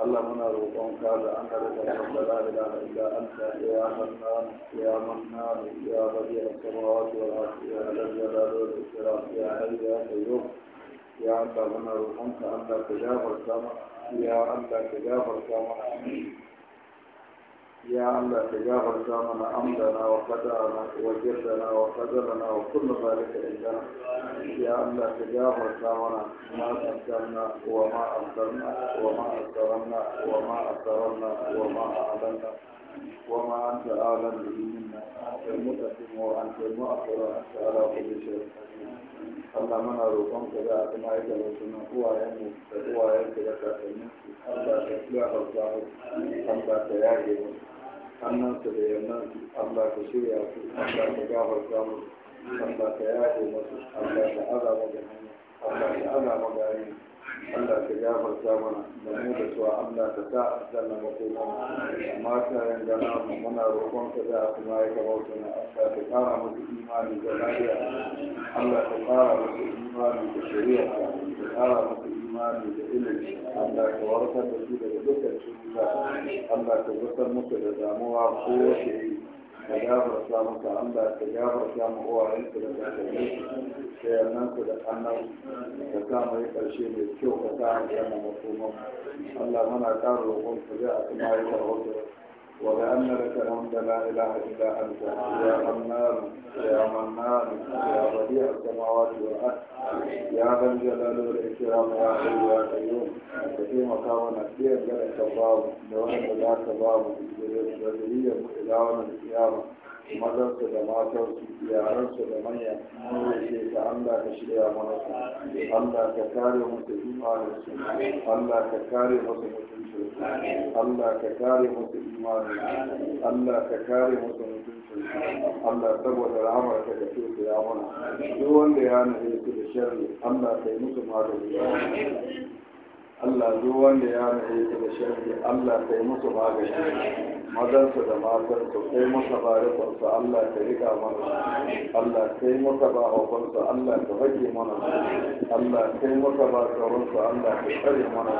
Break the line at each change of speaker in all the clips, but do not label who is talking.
Allah muna roƙon ka da an da rikon da la ilaha illa anta ya hanna ya manna ya manna ya bari a sama wato a ya lalata da da kira ya hanya da yau ya an da muna roƙon ka an da ka gafarta ya an da ka gafarta mana يا الله تجاهل زمن أمدنا وقدرنا وجدنا وقدرنا وكل ذلك عندنا يا الله تجاهل زمن ما أسرنا وما أسرنا وما أسرنا وما أسرنا وما أعلنا وما أنت أعلم به منا أنت المتقم وأنت المؤخر أنت على كل شيء Allah muna كذا ka da abin aika da هو uwayenmu كذا كذا da kakanninsu Allah ka fiya hausa mu Allah hannunsu da yannansu Allah ka shirya su Allah ka gafarta musu Allah ka yaje musu Allah ka azaba da Allah ka azaba da Allah ka gafarta mana da mu da su Allah ka sa aljanna makoma amma ta yanga na mu muna roƙon ka da kuma ya kabauta na Allah ka ƙara musu imani da lafiya Allah ka ƙara musu imani da shari'a ka ƙara musu imani da ilimi Allah ka warkar da su daga dukkan Allah ka zartar musu da damuwa ko wace yi ka gafarta musu Allah ka gafarta mu uwayensu da kakanni sayannansu da annan ka sa yi ƙarshe mai kyau ka sa mu yana makoman Allah muna ƙara roƙon ku zai a kuma yi karɓar ولأن لك الحمد لا إله إلا أنت يا منان يا منان يا بديع السماوات والأرض يا ذا الجلال والإكرام يا حي يا قيوم في مقامنا كثير جلس الله دون ذاك الله بدرية إلهنا القيامة مدرسة ما جماعته يا رب لمن يأمر شيخ الله كشريع منصب الله ككاره متجمع الله ككاره متجمع Allah ka kare musu imani Allah ka kare musu mutunci Allah saboda rahama ka da ke ya mana duk wanda ya nahe su da sharri Allah ka yi musu magani Allah duk wanda ya nahe su da sharri Allah ka yi musu magani magansa da matansa sai maka barikonsa Allah ta rika mana Allah sai maka ba hakonsa Allah ka rage mana Allah sai maka ba tsaronsa Allah ta tsare mana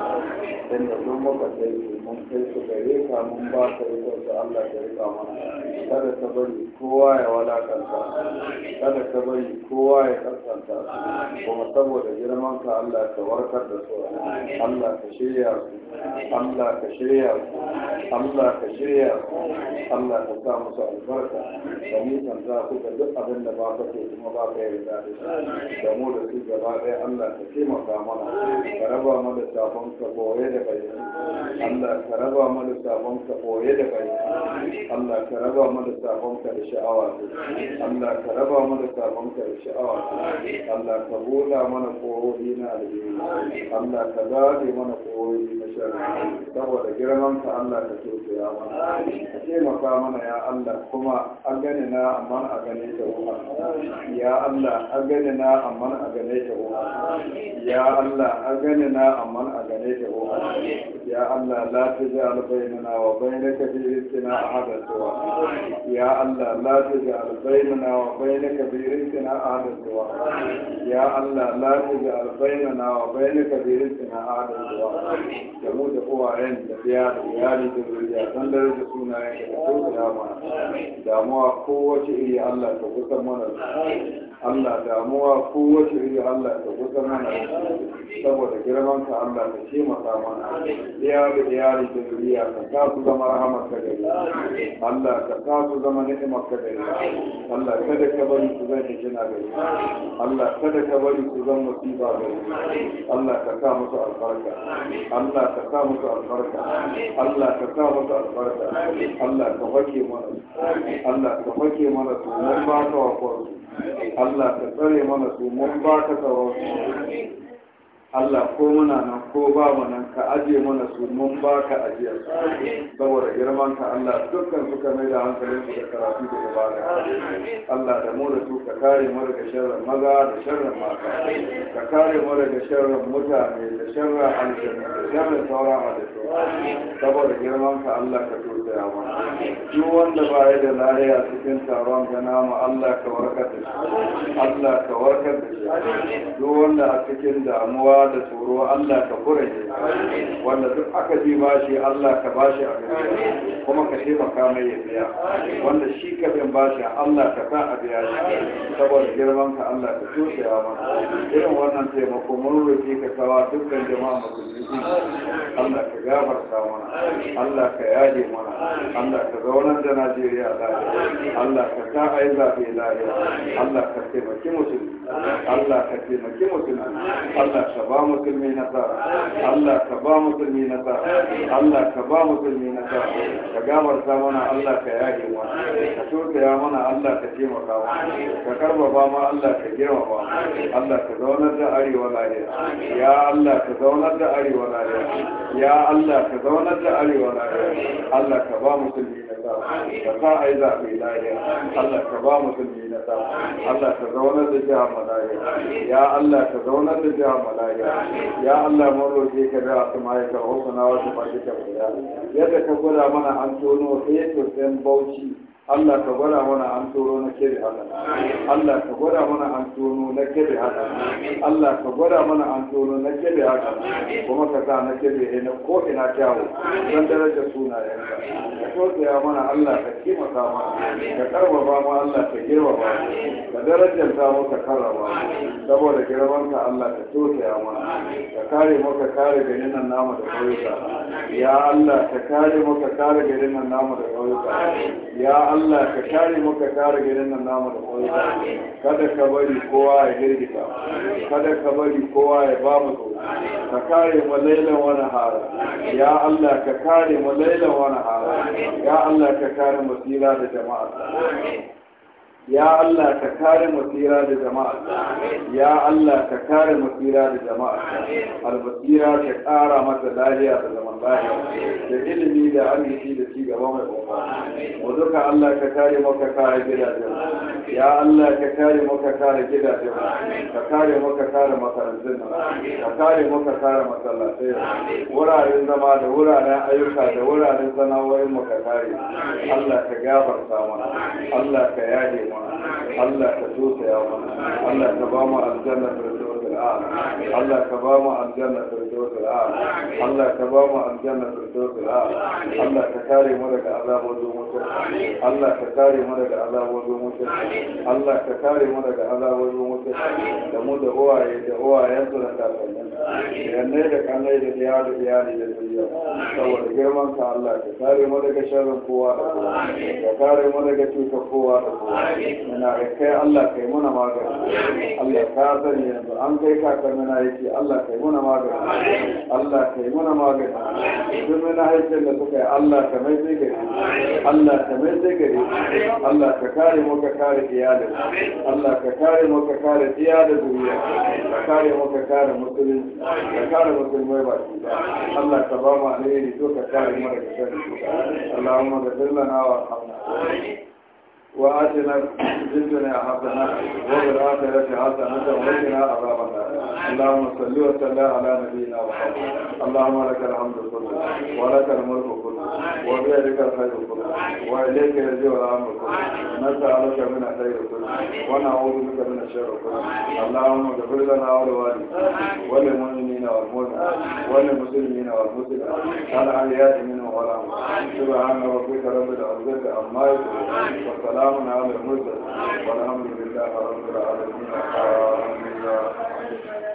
inda duk muka kai su mun kai su gare ka mun ba ka rikonsa Allah ta rika mana kada ta bari kowa ya walakanta kada ta bari kowa ya kaskanta kuma saboda girman ka Allah ta warkar da su Allah ka shirya su Allah ka shirya su Allah ka shirya zuriya Allah ka sa musu albarka da kan za ku da duk abin da ba ka ce kuma ba ka yarda da shi da mu da su gaba ɗaya Allah ka taimaka mana ka raba mana sabon ka boye da bayyana Allah ka raba mana sabon ka boye da bayyana Allah ka raba mana sabon ka da sha'awa Allah ka raba mu sabon ka da sha'awa Allah ka bula mana korohi na alheri Allah ka zaɓe mana korohi na shari'a saboda girman ka Allah ka tausaya mana ka taimaka mana ya Allah kuma a gane na amma a gane ta uwa ya Allah a gane na amma a gane ta uwa ya Allah a gane na amma a gane ta uwa يا الله لا تجعل بيننا وبينك في رزقنا أحدا سواء يا الله لا تجعل بيننا وبينك في رزقنا أحدا سواء يا الله لا تجعل بيننا وبينك في رزقنا أحدا سواء يموت قوى عين تبيان ريالي تبريا تندر جسونا يكتب يا ما داموا قوة إلي الله تبتمنا Allah damuwa ko wace iri Allah ta gusa mana saboda girman ka Allah ta ce maka mana biya da iyali da zuriya ka sa su zama rahamar ka gari Allah ka sa su zama ni'imar ka gari Allah kada ka bari su zan hijina gari Allah kada ka bari su zan musiba gari Allah ka sa musu albarka Allah ka sa musu albarka Allah ka sa musu albarka Allah ka fake mana su. Allah ka fake mana su mun ba ka wa Allah ka tsare mana su mun ba ka tsaro Allah ko muna nan ko ba mu nan ka aje mana su mun ba ka ajiya saboda girman ka Allah dukkan suka mai da hankalin su da karatu da ibada Allah da mu da su ka kare mu daga sharrin maza da sharrin mata ka kare mu daga sharrin mutane da sharrin aljanna da sharrin sauran halittu saboda girman ka Allah ka turta mu duk wanda ba ya da lahiya cikin taron gana mu Allah ka warkar da shi Allah ka warkar da shi duk wanda a cikin damuwa damuwa da tsoro Allah ka kuraje wanda duk aka ji bashi Allah ka bashi a gari kuma ka taimaka mai ya biya wanda shi ka bin bashi Allah ka sa a biya shi saboda girman ka Allah ka toshe ya mana irin wannan taimako mun roƙe ka tawa dukkan jama'a musulmi Allah ka gafarta mana Allah ka yaje mana Allah ka zaunar da Najeriya lafiya Allah ka sa a yi zaɓe lafiya Allah ka taimaki musulmi Allah ka taimaki musulmi Allah ka ba musulmi nasara Allah ka ba musulmi nasara Allah ka ba musulmi nasara ka gafarta mana Allah ka yaye mu ka turkaya mana Allah ka taimaka mu ka karbaba ma Allah ka girmama Allah ka zaunar da arewa lafiya ya Allah ka zaunar da arewa lafiya ya Allah ka zaunar da arewa lafiya Allah ka ba musulmi nasara ka sa ai zaɓe lafiya Allah ka ba musulmi ƙasa Allah ka zauna da jihar malaya ya Allah ka zauna da jihar malaya ya Allah mun roƙe ka da su ma'aika hukuna wasu ba duka yadda ka gwada mana an tono sai sosai bauchi Allah ka gwada mana an toro na kebe haka Allah ka gwada mana an tono na kebe haka Allah ka gwada mana an tono na kebe haka kuma ka sa na kebe ne ko ina kyawu don daraja Ya ka tausaya mana Allah ka kimaka mana ka karbaba mu Allah ka girmama ka ta mu ka karrama saboda girmanka Allah ka tausaya mana ka kare mu ka kare ganin nan namu da kauyuka ya Allah ka kare mu ka kare ganin nan namu da kauyuka ya Allah ka kare maka kare gidan nan namu da koyi kada ka bari kowa ya girgita kada ka bari kowa ya ba mu tsoro ka kare mu lailan wani hara ya Allah ka kare mu lailan wani hara ya Allah ka kare mu tsira da jama'a ya Allah ka kare mu tsira da jama'a ya Allah ka kare mu basira da jama'a albasira ta ƙara mata lahiya da zaman lahiya da ilimi da arziki da ci gaba mai ƙwaƙwa mu duka Allah ka kare maka kare gidajen ya Allah ka kare maka kare gidajen ka kare maka kare makarantun ka kare maka kare masallatai wuraren zama da wuraren ayyuka da wuraren sana'o'in mu ka kare Allah ka gafarta mana Allah ka yaje mana Allah ka tausaya mana Allah ka ba mu aljanna da الأعلى الله كبام الجنة الفردوس الأعلى الله كبام الجنة الفردوس الأعلى الله كتاري ملك عذاب وجوه مشرك الله كتاري ملك عذاب وجوه مشرك الله كتاري ملك عذاب وجوه مشرك دمو da uwaye da uwayensu da kakannin yannai da kannai da diya da diya da duniya saboda girman ka Allah ka kare mu daga sharrin kowa da kowa ka kare mu daga cutar kowa da kowa muna kai Allah kai muna magani Allah ka sani yanzu an kai kakannina na yake Allah kai muna magana Allah kai muna magana duk muna haifin da suka yi Allah ka mai sai gari Allah ka mai sai gari Allah ka kare mu ka kare iyalin Allah ka kare mu ka kare da duniya ka kare mu ka kare musulunci ka kare musulmai ba su Allah ka ba mu alheri to ka kare mu daga sharri Allahumma ghfir wa arhamna وآتنا في الدنيا حسنة وفي الآخرة حسنة وقنا عذاب النار اللهم صل وسلم على نبينا محمد اللهم لك الحمد كله ولك الملك كله وبيدك الخير كله وإليك يرجع الأمر كله نسألك من الخير كله ونعوذ بك من الشر كله اللهم اغفر لنا ولوالدينا وللمؤمنين والمؤمنات وللمسلمين والمسلمات الأحياء منهم والأموات سبحان ربك رب العزة عما يصفون وسلام على المرسلين والحمد لله رب العالمين آمين